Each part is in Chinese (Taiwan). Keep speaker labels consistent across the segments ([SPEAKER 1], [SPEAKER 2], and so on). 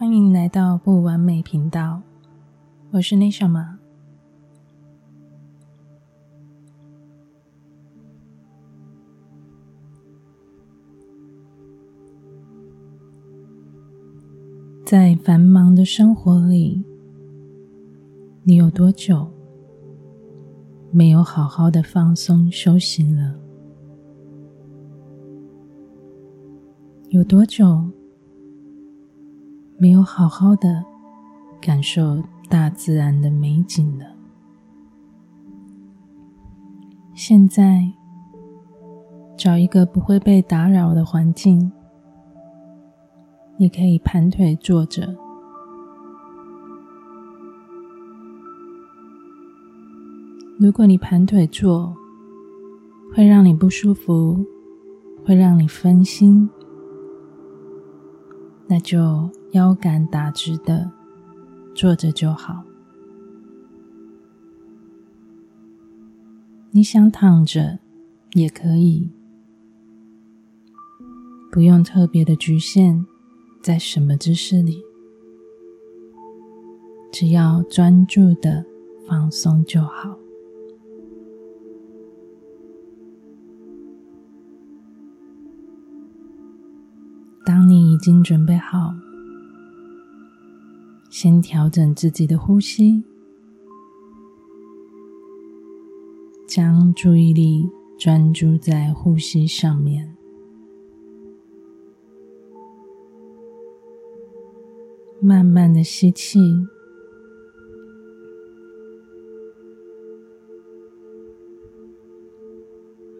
[SPEAKER 1] 歡迎來到不完美頻道，我是內夏瑪。在繁忙的生活裡，你有多久沒有好好的放鬆休息了？有多久？沒有好好的感受大自然的美景了。現在找一個不會被打擾的環境，你可以盤腿坐着。如果你盤腿坐，會讓你不舒服，會讓你分心。那就腰桿打直的坐着就好，你想躺着也可以，不用特別的侷限在什麼姿勢裡，只要專注的放鬆就好。你已經準備好，先調整自己的呼吸，將注意力專注在呼吸上面，慢慢的吸氣，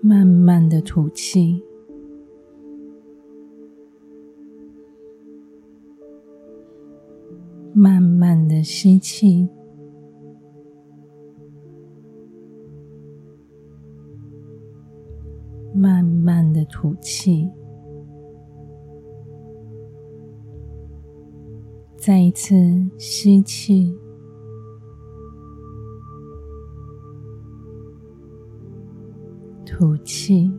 [SPEAKER 1] 慢慢的吐氣。慢慢的吸氣，慢慢的吐氣，再一次吸氣，吐氣。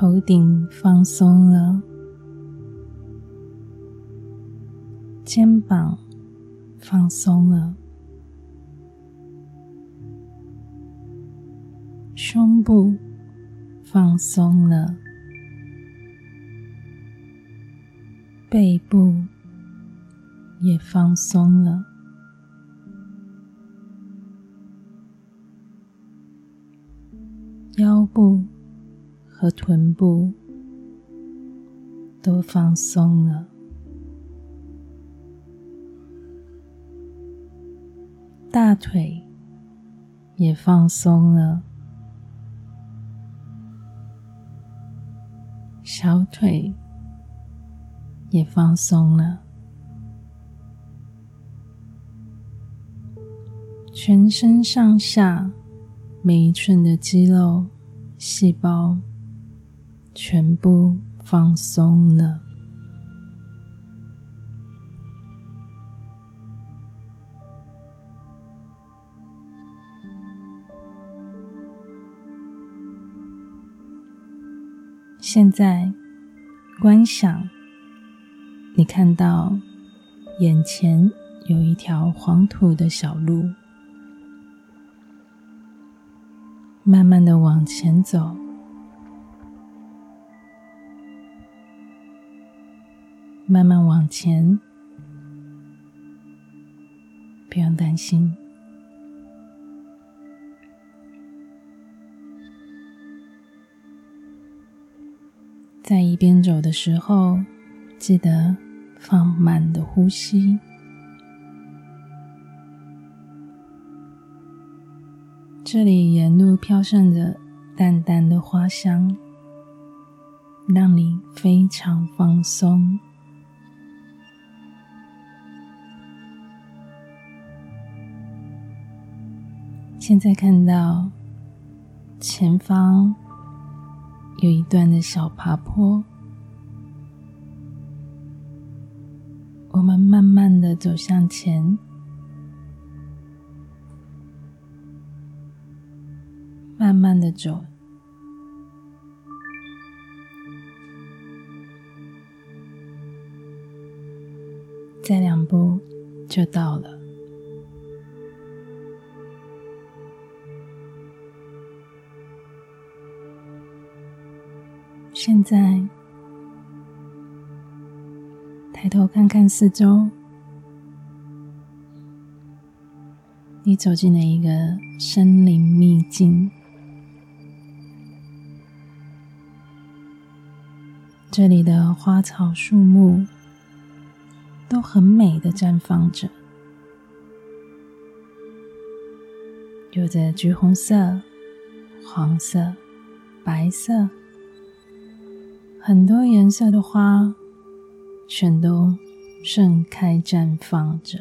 [SPEAKER 1] 頭頂放鬆了，肩膀放鬆了，胸部放鬆了，背部也放鬆了，腰部。和臀部都放鬆了，大腿也放鬆了，小腿也放鬆了，全身上下每一寸的肌肉、細胞。全部放鬆了。現在觀想，你看到眼前有一條黃土的小路，慢慢的往前走。慢慢往前，不用擔心。在一邊走的時候，記得放慢的呼吸。這裡沿路飄散着淡淡的花香，讓你非常放鬆。現在看到前方有一段的小爬坡，我們慢慢的走向前，慢慢的走，再兩步就到了。現在，抬頭看看四周，你走進了一個森林秘境。這裡的花草樹木都很美的綻放着，有着橘紅色、黃色、白色。很多顏色的花全都盛開綻放着，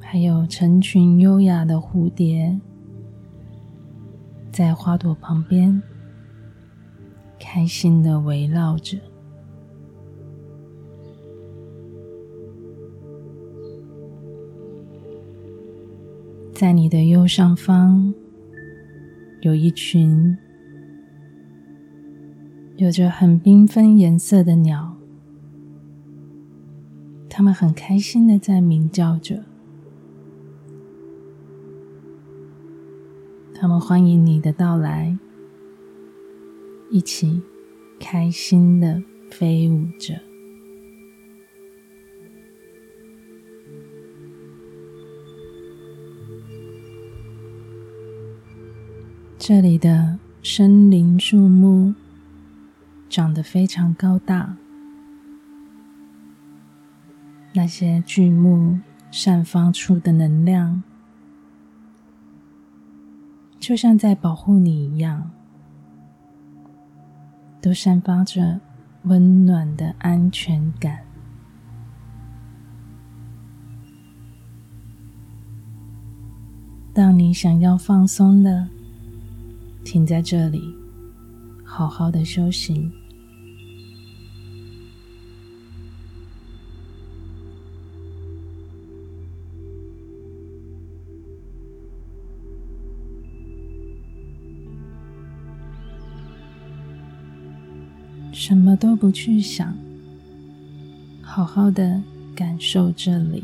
[SPEAKER 1] 還有成群優雅的蝴蝶在花朵旁邊開心的圍繞着，在你的右上方，有一群有着很繽紛顏色的鳥，它們很開心的在鳴叫着，它們歡迎你的到來，一起開心的飛舞着。這裡的森林樹木長得非常高大，那些巨木散發出的能量，就像在保護你一樣，都散發着溫暖的安全感，當你想要放鬆的。停在這裡，好好的休息，什麼都不去想，好好的感受這裡。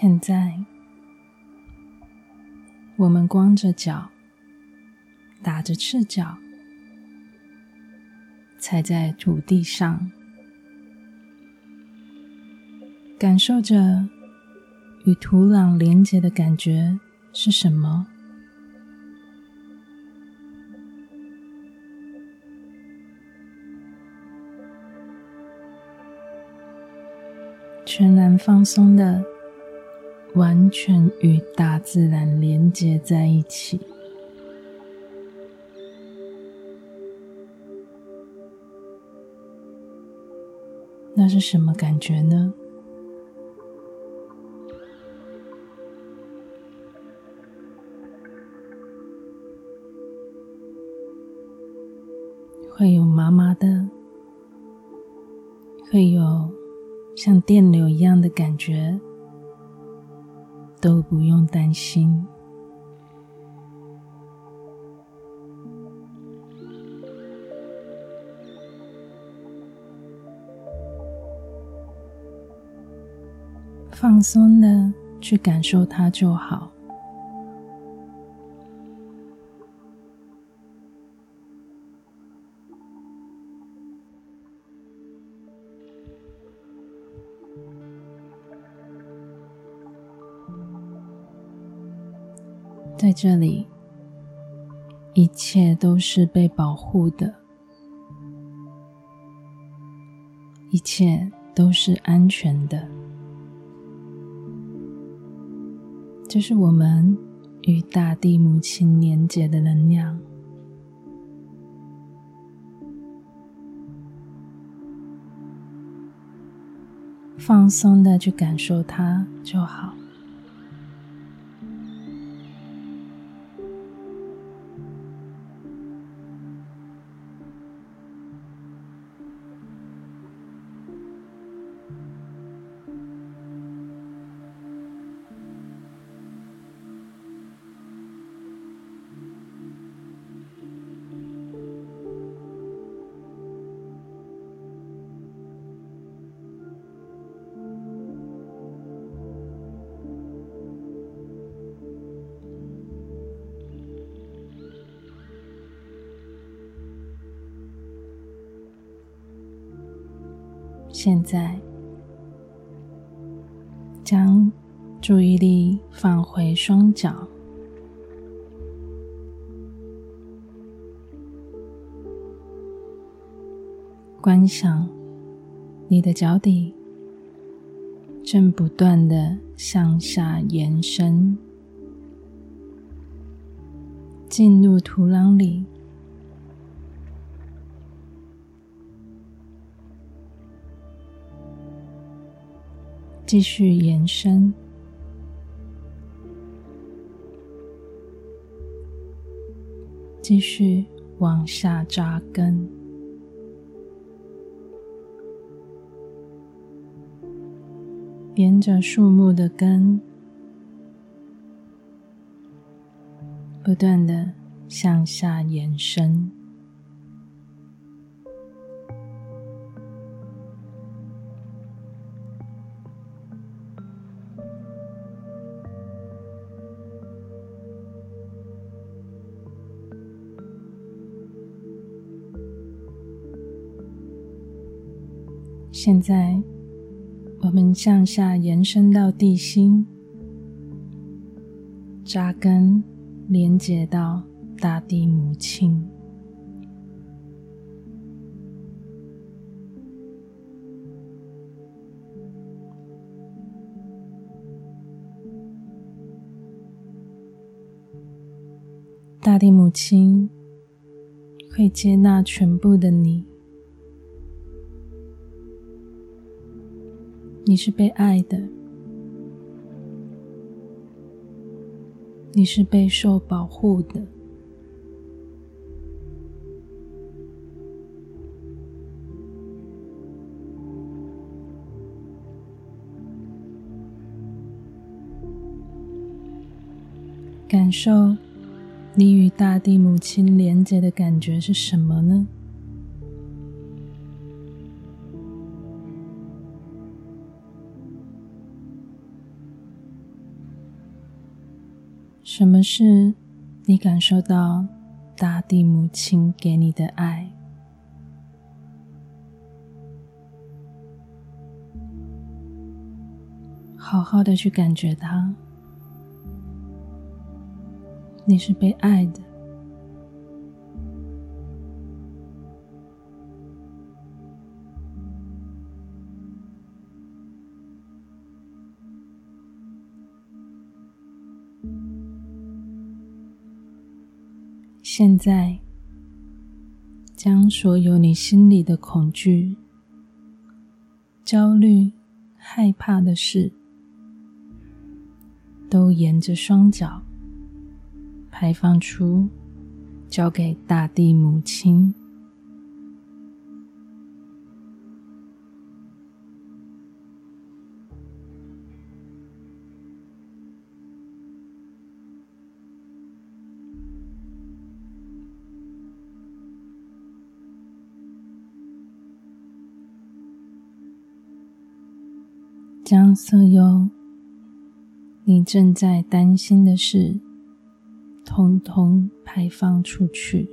[SPEAKER 1] 現在，我們光着腳，打着赤腳，踩在土地上，感受着與土壤連接的感覺是什麼？全然放鬆的。完全與大自然連接在一起，那是什麼感覺呢？會有麻麻的，會有像電流一樣的感覺。都不用擔心，放鬆的去感受它就好。在這裡，一切都是被保護的，一切都是安全的。這是我們與大地母親連接的能量。放鬆的去感受它就好。現在，將注意力放回雙腳，觀想你的腳底正不斷的向下延伸，進入土壤裡。繼續延伸，繼續往下扎根，沿着樹木的根，不斷的向下延伸。現在，我們向下延伸到地心，扎根，連接到大地母親。大地母親會接納全部的你。你是被愛的，你是被受保護的。感受你與大地母親連接的感覺是什麼呢？什麼是你感受到大地母親給你的愛？好好的去感覺它，你是被愛的。現在，將所有你心裡的恐懼、焦慮、害怕的事，都沿着雙腳排放出，交給大地母親。將所有你正在擔心的事，通通排放出去。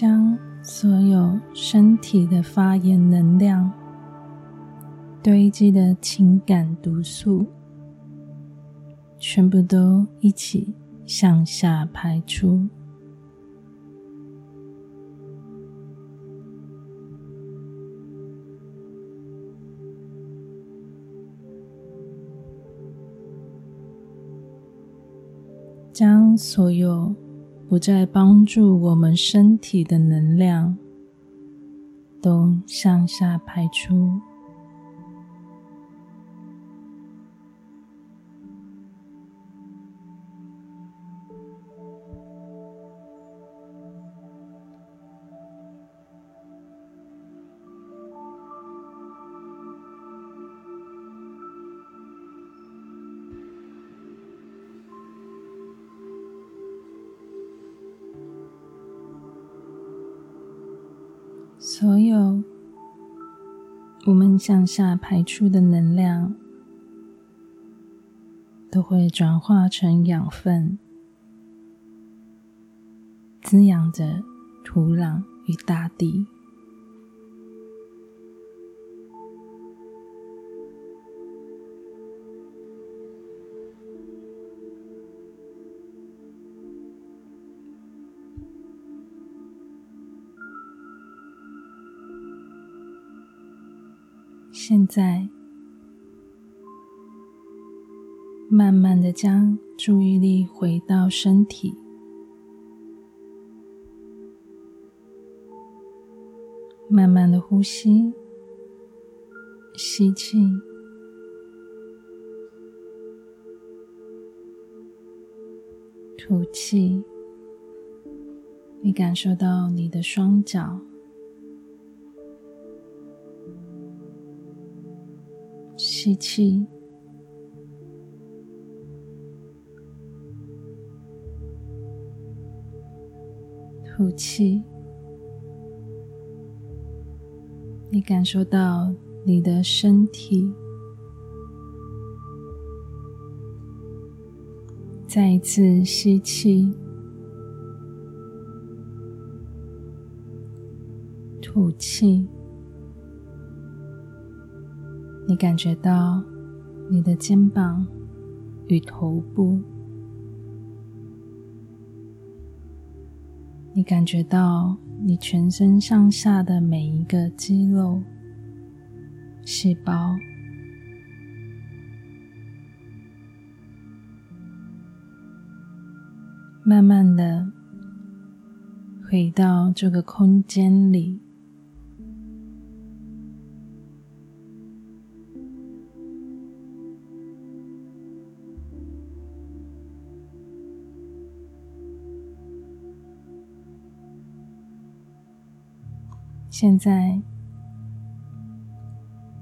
[SPEAKER 1] 將所有身體的發炎能量、堆積的情感毒素，全部都一起向下排出。將所有不再幫助我們身體的能量，都向下排出。向下排出的能量，都會轉化成養分，滋養着土壤與大地。現在，慢慢的將注意力回到身體，慢慢的呼吸，吸氣，吐氣。你感受到你的雙腳。吸氣，吐氣。你感受到你的身體。再一次吸氣，吐氣。你感覺到你的肩膀與頭部，你感覺到你全身上下的每一個肌肉細胞，慢慢的回到這個空間裡。現在，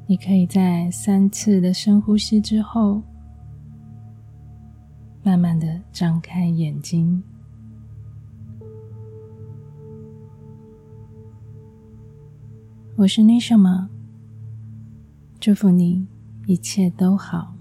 [SPEAKER 1] 你可以在三次的深呼吸之後，慢慢的張開眼睛。我是內夏瑪，祝福你一切都好。